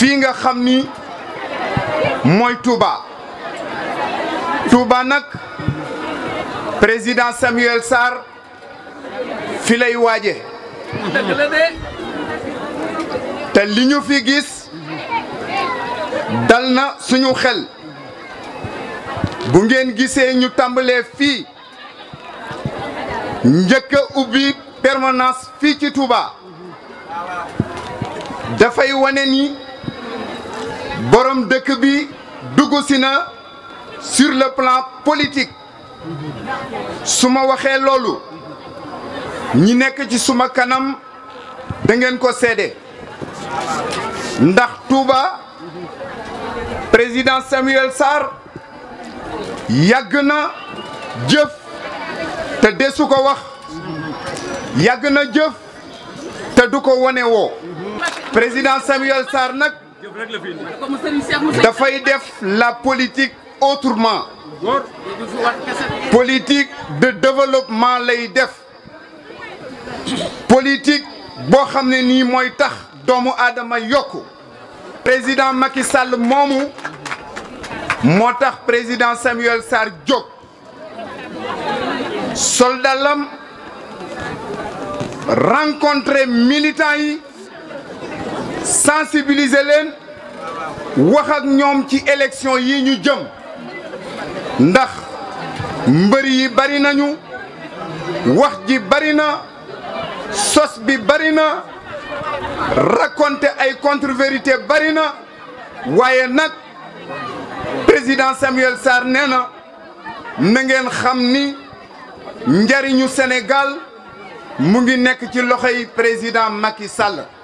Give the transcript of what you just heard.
fii nga xam ni mooy Touba Touba nag président Samuel Sarr filay lay waaje te li ñu fi gis dal na suñu xel bu ngeen gisee ñu tàmbalee fii njëkk ubbi permanence fii ci Touba dafay wane ni. borom dëkk bi dugg si na sur le plan politique su ma waxee loolu ñi nekk ci suma kanam da ngeen ko seede ndax Touba président Samuel Sarr yàgg na jëf te desu ko wax yàgg na jëf te du ko wone woo président Samuel Sarr nag dafay def la politique autrement politique de développement lay def politique boo xam ne nii mooy tax doomu aadama yokk président Macky Sall moomu moo tax président Samuel Sarr jóg soldalam rencontré militants yi sensibiliser leen wax ak ñoom ci élection yi ñu jëm ndax mbër yi bari nañu wax ji bari na sos bi bari na raconter ay contre-vérité bari na waaye nag président Samuel Sarr nee na na ngeen xam ni njariñu senegal mu ngi nekk ci loxo loxoy président Macky Sall.